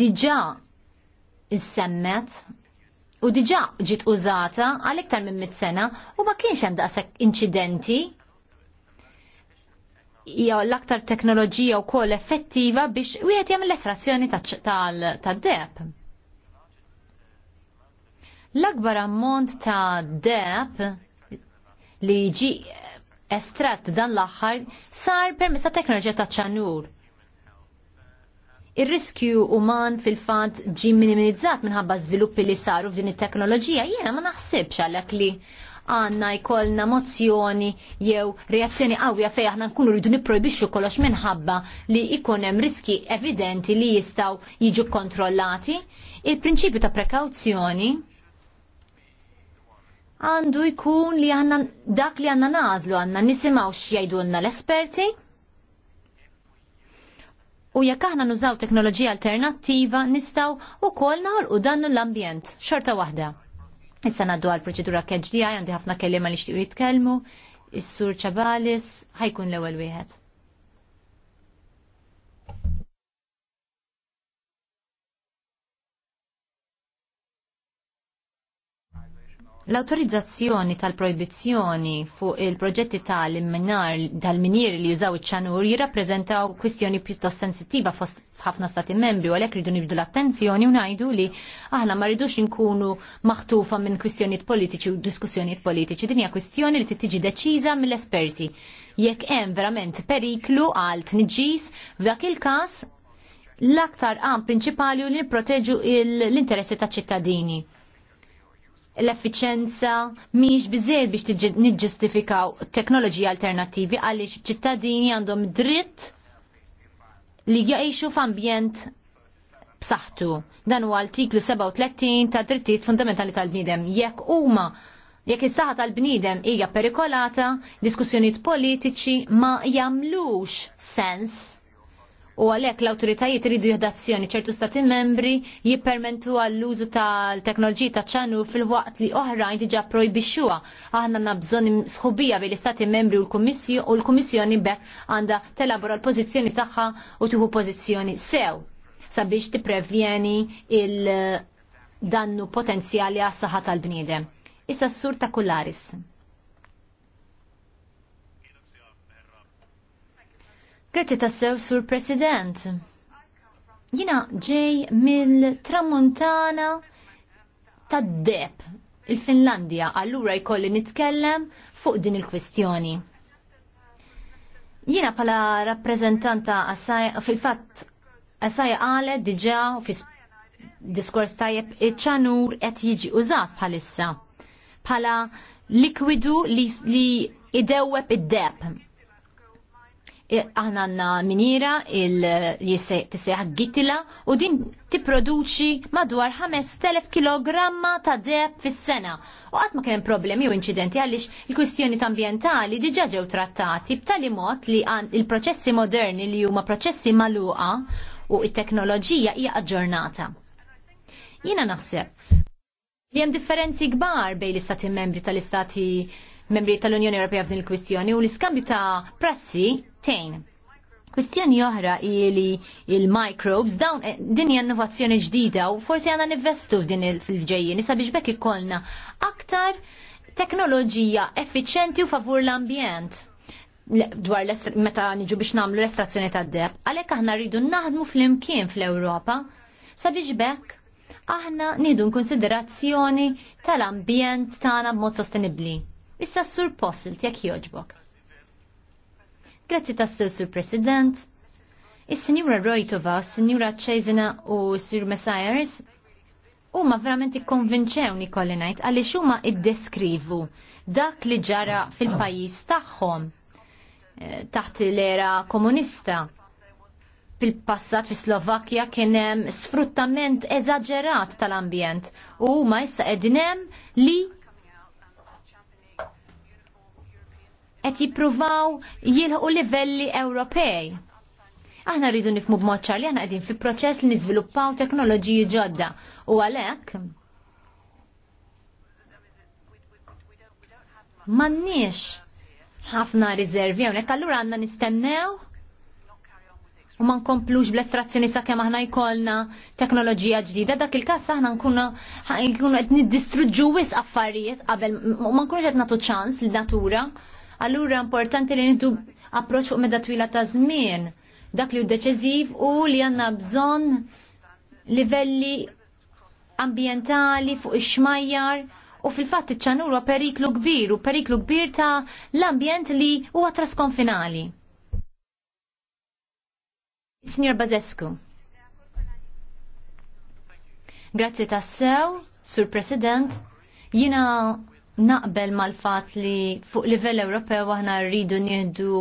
diġà issemmet u diġà ġiet użata għal iktar minn mit sena u ma kienx hemm daqshekk inċidenti hija l-aktar teknoloġija wkoll effettiva biex wieħed jagħmel l-estrazzjoni tad-deb. L-akbar ammont ta' deb li jiġi estratt dan l-aħħar sar permezz ta' teknoloġija ta' ċanur. Ir-riskju uman fil-fat ġi minimizzat minħabba żviluppi li saru f'din it-teknoloġija, jiena ma naħsibx għalhekk li għanna jkollna mozzjoni jew reazzjoni qawwja fejn aħna nkunu rridu nipprojbixxu kollox minħabba li jkun hemm riski evidenti li jistgħu jiġu kontrollati. Il-prinċipju ta' prekawzjoni għandu jkun li għanna dak li għanna nażlu għanna nisimaw x'jgħidulna l-esperti U jekk aħna nużaw teknoloġija alternattiva nistaw u kol u dan l-ambjent, xorta waħda. Issa naddu għal proċedura KHDI għandi ħafna kellima li xtiju jitkellmu, is-sur ċabalis ħajkun l-ewwel wieħed. L-autorizzazzjoni tal-proibizzjoni fuq il-proġetti tal-minier tal li jużaw iċ-ċanur jirrappreżentaw kwistjoni pjuttost sensittiva fost ħafna stati membri u għalhekk ridu nibdu l-attenzjoni u ngħidu li aħna ma rridux inkunu maħtufa minn kwistjonijiet politiċi u diskussjonijiet politiċi. Din hija kwistjoni li tiġi deċiża mill-esperti. Jekk hemm verament periklu għal tniġġis, f'dak il-każ l-aktar għam prinċipali u li nipproteġu l-interessi taċ ċittadini l-effiċenza miex biżejjed biex niġġustifikaw teknoloġiji alternattivi għaliex ċittadini għandhom dritt li jgħixu f'ambjent b'saħħtu. Dan huwa artiklu 37 ta' drittijiet fundamentali tal-bniedem. Jekk huma jekk is-saħħa tal-bniedem hija perikolata, diskussjonijiet politiċi ma jagħmlux sens u għalhekk l-awtoritajiet iridu jihdazzjoni ċertu stati membri jippermentu għall-użu tal-teknoloġiji ta' ċanu fil-waqt li oħra diġà projbixxuha. Aħna nabżon bżonn sħubija bejn l-istati membri u l-Kummissjoni b'ek għandha telabora l-pożizzjoni tagħha u tieħu pożizzjoni sew sabiex tipprevjeni il-dannu potenzjali għas saħħa tal-bniedem. Issa s-sur ta' kullaris. Grazzi tassew, Sur President. Jina ġej mill-tramontana tad deb il-Finlandja, allura jkolli nitkellem fuq din il-kwistjoni. Jina pala rappresentanta fil-fatt għasaj għale diġa u fis diskors tajjeb iċanur ċanur qed jiġi użat bħalissa bħala likwidu li, li id-dewweb id-deb aħna għanna minira il-jisseħ gittila u din tipproduċi madwar 5000 kg ta' deb fis-sena. U għatma ma kien problemi u incidenti għalix il-kwistjoni ambientali diġa ġew trattati b'tali mod li għan il-proċessi moderni li huma proċessi maluqa u il teknoloġija hija aġġornata. Jina naħseb li hemm differenzi kbar bejn l-istati membri tal-istati membri tal-Unjoni Ewropea f'din il-kwistjoni u l-iskambju ta' prassi tejn. Kwistjoni oħra li il-microbes dawn eh, din hija innovazzjoni ġdida u forsi għandna nivvestu f'din fil-ġejjin sabiex bekk ikollna aktar teknoloġija effiċenti u favur l-ambjent dwar meta niġu biex nagħmlu l-estrazzjoni tad-deb, għalhekk aħna rridu naħdmu fl-imkien fl-Ewropa sabiex bekk aħna nieħdu konsiderazzjoni tal-ambjent tagħna b'mod sostenibbli. Issa s-sur possil jekk jogħġbok. Grazzi tassew, Sur President. Is-Sinjura Rojtova, s-Sinjura Ċejzina u Sir Messajers huma verament ikkonvinċewni kolli ngħid għaliex huma iddeskrivu dak li ġara fil-pajjiż tagħhom eh, taħt l-era komunista fil-passat fi Slovakkja kien hemm sfruttament eżaġerat tal-ambjent u huma issa qegħdin li qed jippruvaw jilħu livelli Ewropej. Aħna rridu nifmu b'mod ċar li aħna qegħdin fi proċess li niżviluppaw teknoloġiji ġodda u għalhekk M'għandniex ħafna riservi hawnhekk allura għandna nistennew u ma nkomplux bl-estrazzjoni sakemm aħna jkollna teknoloġija ġdida, dak il-każ aħna nkunu qed niddistruġġu wis affarijiet qabel ma nkunux qed nagħtu ċans lin natura Allura importanti li nintu approċ fuq medda twila ta' żmien dak li hu deċeżiv u li għandna bżonn livelli ambientali fuq ix-xmajjar u fil-fatt iċ-ċanur periklu kbir u periklu kbir ta' l-ambjent li huwa trasconfinali. Signor Bazescu. Grazzi tassew, Sur President, jina naqbel mal-fat li fuq livell Ewropew aħna rridu nieħdu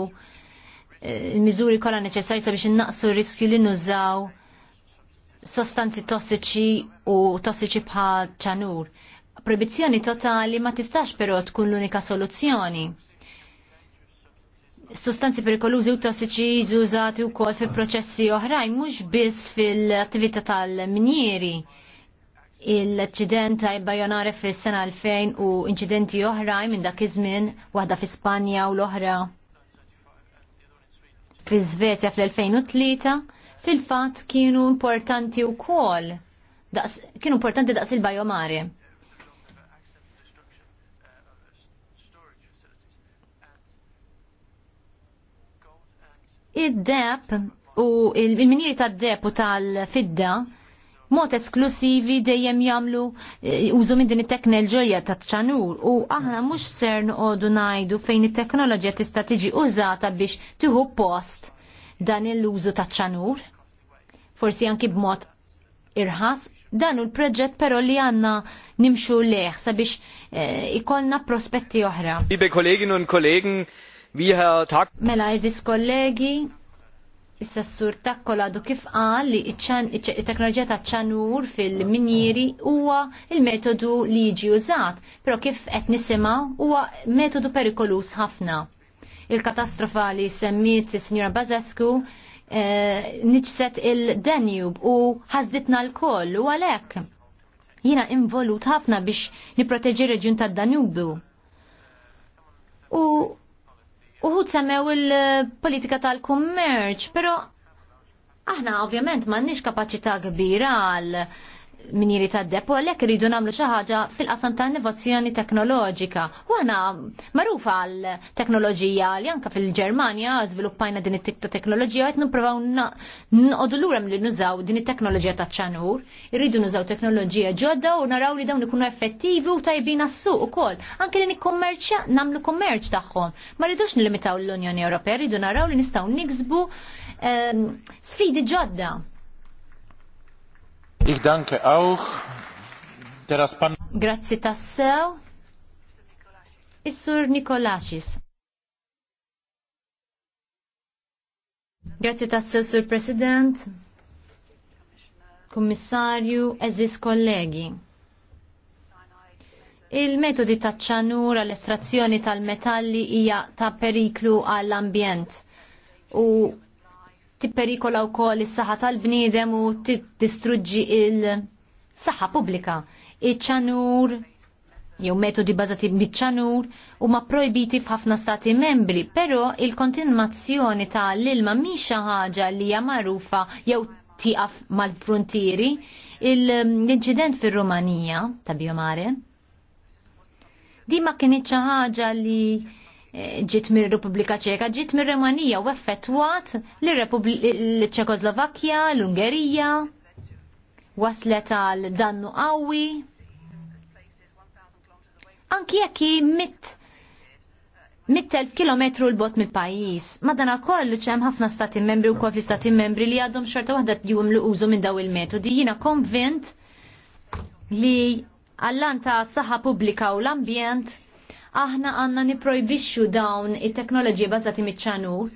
l-miżuri eh, kollha neċessarji sabiex innaqsu r-riskju li nużaw sostanzi tossiċi u tossiċi bħal ċanur. Proibizzjoni totali ma tistax però tkun l-unika soluzzjoni. Sostanzi perikolużi u tossiċi jiġu wkoll fi proċessi oħrajn mhux biss fil-attività tal-minjieri l-accident ta' bajonare fis-sena 2000 u inċidenti oħra minn dak iż-żmien, waħda fi Spanja u l-oħra fi Svezja fl-2003, fil-fatt kienu importanti wkoll. Kienu importanti daqs il-bajomare. id-deb u il-miniri tad-deb u tal-fidda mod esklusivi dejjem jagħmlu eh, użu minn din it-teknoloġija ta' ċanur u aħna mhux ser noqogħdu ngħidu fejn it-teknoloġija tista' tiġi użata biex tieħu post dan il użu ta' ċanur. Forsi anki b'mod irħas dan u l-proġett però li għanna nimxu leħ sabiex eh, ikollna prospetti oħra. Mela, eżis kollegi, Is-sessur takkoladu kif qal li it-teknoloġija ta' ċanur fil-minjiri huwa il-metodu li jiġi użat, però kif qed nisimgħu huwa metodu perikolus ħafna. Il-katastrofa li semmiet is-Sinjora Bazescu eh, niċset il-Danube u ħazditna l-koll u għalek. Jina involut ħafna biex niproteġi reġjun ta' Danubu. U Uħud semmew il-politika tal-kummerċ, pero aħna ovvjament m'għandniex kapaċità kbira għal minjiri ta' depo, għalek rridu namlu xaħġa fil-qasam ta' innovazzjoni teknoloġika. U għana marufa għal teknoloġija li anka fil-Germania zviluppajna din it-tip ta' teknoloġija għet niprofaw nqodu l li nużaw din it-teknoloġija ta' ċanur. Irridu nużaw teknoloġija ġodda u naraw li dawn ikunu effettivi u tajbin assu suq ukoll. Anke din ikkommerċja namlu kummerċ tagħhom. Ma rridux nilimitaw l-Unjoni Ewropea, rridu naraw li nistgħu niksbu ehm, sfidi ġodda Ich danke auch. Teraz Grazzi tassew. Is-sur Nikolaxis. Grazzi tassew, sur President, Kommissarju, eżis kollegi. Il-metodi ta' ċanur għall-estrazzjoni tal-metalli hija ta' periklu għall-ambjent u tipperikola wkoll is-saħħa tal-bniedem u tistruġġi il-saħħa pubblika. Iċ-ċanur jew metodi bażati biċ-ċanur huma projbiti f'ħafna stati membri, però il kontinuazzjoni ta' l-ilma mhix ħaġa li hija magħrufa jew tiqaf mal-frontieri. L-inċident fir-Rumanija ta' Biomare di ma kienieċ ħaġa li ġiet mir repubblika Ċeka, ġiet mir Remanija u effettwat l-Ċekoslovakkja, l-Ungerija, waslet għal dannu qawwi. Anki jekk mit mit-telf kilometru l-bot mill-pajis. Madana kollu ċem ħafna stati membri u kol stati membri li għadhom xorta waħda jum li użu minn daw il-metodi. Jina konvent li għallanta saħħa pubblika u l-ambjent aħna għanna niprojbixxu dawn it teknoloġi bażati miċ-ċanur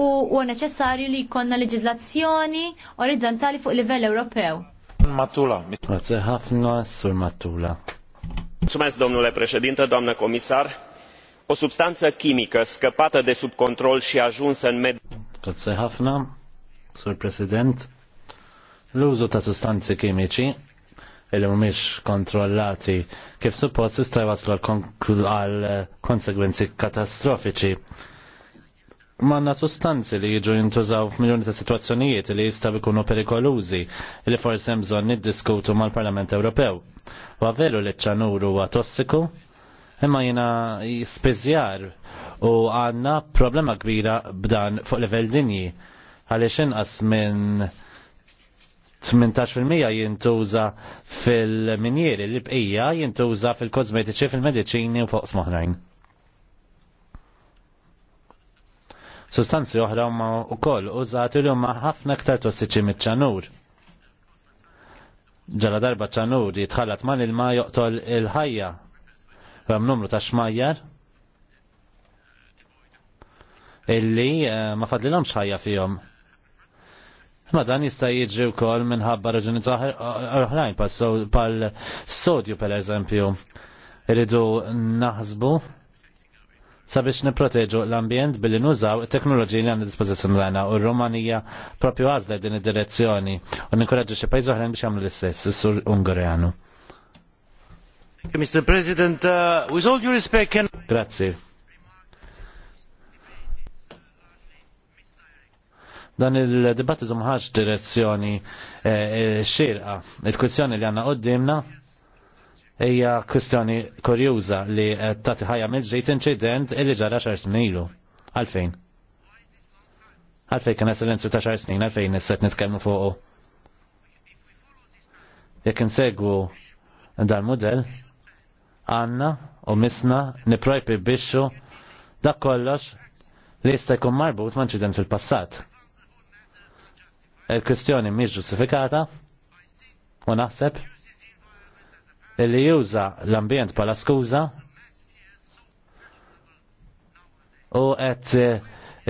u huwa neċessarju li jkollna leġiżlazzjoni orizzontali fuq livell Ewropew. Matula. Grazie ħafna sur Matula. Mulțumesc, domnule președinte, doamnă comisar. O substanță chimică scăpată de sub control și ajunsă în mediul... Grazie ħafna, sur president. L-użu ta' sustanzi kimiċi li mhumiex kontrollati kif suppost tista' jwaslu għal eh, konsegwenzi katastrofiċi. Manna sustanzi li jiġu jintużaw f'miljoni ta' situazzjonijiet li jistaw ikunu perikolużi li forsi hemm bżonn niddiskutu mal-Parlament Ewropew. Wa veru li ċanuru huwa tossiku, imma jina spizjar u għanna problema kbira b'dan fuq level dinji għaliex inqas minn 18% jintuża fil-minjeri, l-bqija jintuża fil-kosmetiċi, fil-mediċini u fuq smoħrajn. Sustanzi oħra huma wkoll użati li huma ħafna iktar tossiċi miċ-ċanur. Ġala darba ċanur jitħallat mal ilma joqtol il-ħajja. Hemm numru ta' xmajjar illi eh, ma fadlilhomx ħajja fihom Ma dan jista' jiġri wkoll minħabba raġuni oħrajn pal sodju per eżempju. Irridu naħsbu sabiex niproteġu l-ambjent billi nużaw it-teknoloġiji li għandna dispożizzjoni tagħna u r-Rumanija propju għażla din id-direzzjoni u ninkoraġġu xi pajjiż oħrajn biex jagħmlu l-istess, is-sur Ungarjanu. Mr. President, uh, with all due respect, can... Grazie. Dan il-dibattitu maħħax direzzjoni eh, eh, xirqa. Il-kwestjoni li għanna għoddimna hija kwestjoni kurjuża li tati ħajja mill-ġdid inċident illi ġara xar smilu. Għalfejn? Għalfejn kien silenzju ta' xar snin, għalfejn s-set nitkellmu fuqu. Jekk insegwu dal model għanna u misna niprojpi biexu dak kollox li jista' jkun marbut ma' inċident fil-passat il kwestjoni mhix ġustifikata u naħseb illi juża l-ambjent bħala skuża u qed eh,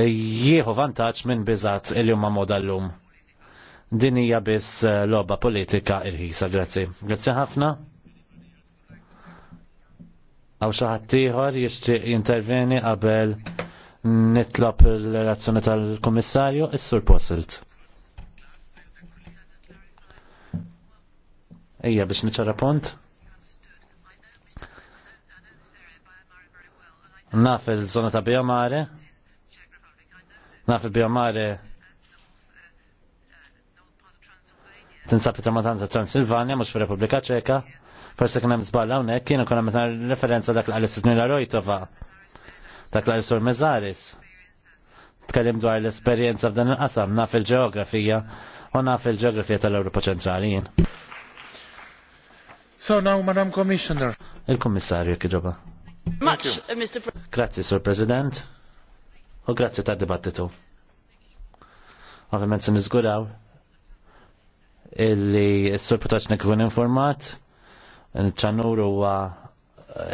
jieħu vantaġġ minn biżat il huma moda llum. Din hija biss eh, logħba politika irħisa, grazzi. Grazzi ħafna. Għaw xi ħadd ieħor jixtieq jinterveni qabel nitlob il-relazzjoni tal-Kummissarju, is-Sur Posselt. Ejja biex niċara pont. Naf il-zona ta' Biomare. Naf il-Biomare tinsab it-tramatanta Transilvania, mux fil Repubblika Ċeka. Forse kien hemm żball hawnhekk, kienu kuna metna referenza dak l-Alessis Nila Rojtova, dak l-Alessur Mezzaris. Tkellim dwar l esperienza f'dan il-qasam, naf il-ġeografija u naf il-ġeografija tal europa Ċentrali So now, Madam Commissioner. Il-Kommissarju kħiġoba. Much, uh, Mr. President. Grazie, Sir President. U grazie ta' dibattitu. Ovvijament se nizguraw illi s-Sur potaċna kun informat, ċanur huwa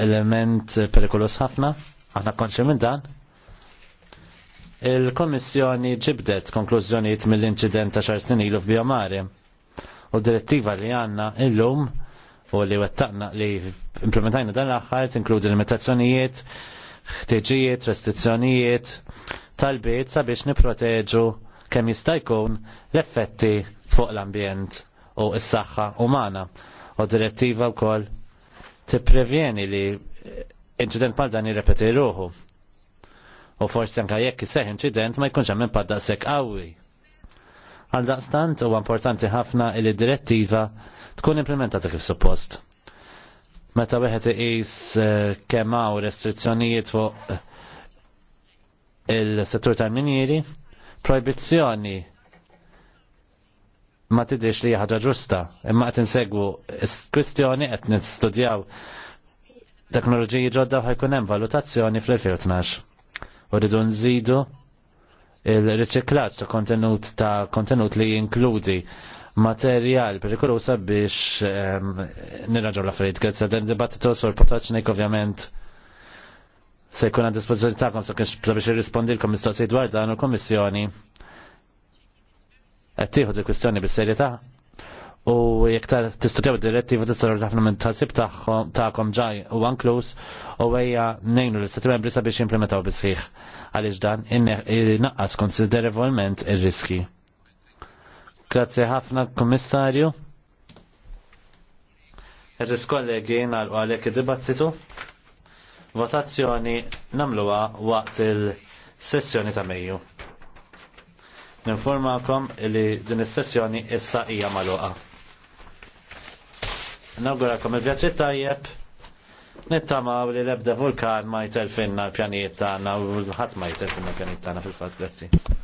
element perikolos ħafna, aħna konċi minn dan. Il-Komissjoni ġibdet konklużjonijiet mill-inċident ta' xar snin ilu f'Biomare u direttiva li għanna illum u li wettaqna li implementajna dan l-axħar tinkludi limitazzjonijiet, ħtiġijiet, restrizzjonijiet tal-bit sabiex niproteġu kemm jista' jkun l-effetti fuq l-ambjent u s-saħħa umana. U direttiva wkoll tipprevjeni li inċident bħal dan jirrepeti ruħu. U forsi anke jekk iseħħ inċident ma jkunx hemm impatt daqshekk qawwi. Għal daqstant huwa importanti ħafna li d direttiva tkun implementata kif suppost. Meta wieħed iqis eh, kemm hawn restrizzjonijiet fuq eh, il-settur tal-minjiri, proibizzjoni ma tidix li ħaġa ġusta, imma qed insegwu kwistjoni qed nistudjaw teknoloġiji ġodda u ħajkun hemm valutazzjoni fl-2012. Uridu nżidu il-riċiklaġġ ta' kontenut ta' kontenut li jinkludi materjal perikolosa biex nirraġaw l-affarijiet. Grazie. għal dibattitu sur potaċnik ovvjament se jkun għad dispożizzjoni tagħkom sabiex irrispondilkom mistoqsijiet dwar dan u kommissjoni qed tieħu di kwistjoni bis-serjetà u jekk tistudjaw id-direttiva l ħafna minn tħassib tagħkom ġaj u anklus u ejja ngħinu l-istati membri sabiex jimplementaw bisħiħ għaliex dan innaqqas konsiderevolment ir-riski. Grazie ħafna, Kommissarju. Eżis kollegi, nalqu għalek id-dibattitu. Votazzjoni namluwa waqt il-sessjoni ta' Mejju. Ninformakom li din is-sessjoni issa hija magħluqa. Nawgurakom il-vjaġġi tajjeb. Nittamaw li l-ebda vulkan ma jitelfinna l-pjanijiet tagħna u ħadd ma jitelfinna l-pjanijiet tagħna fil-fatt, grazzi.